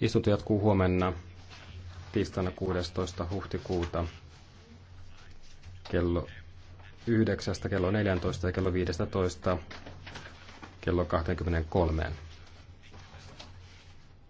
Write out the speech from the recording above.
Istunto jatkuu huomenna tiistaina 16. huhtikuuta kello 9, kello 14 ja kello 15 kello 23.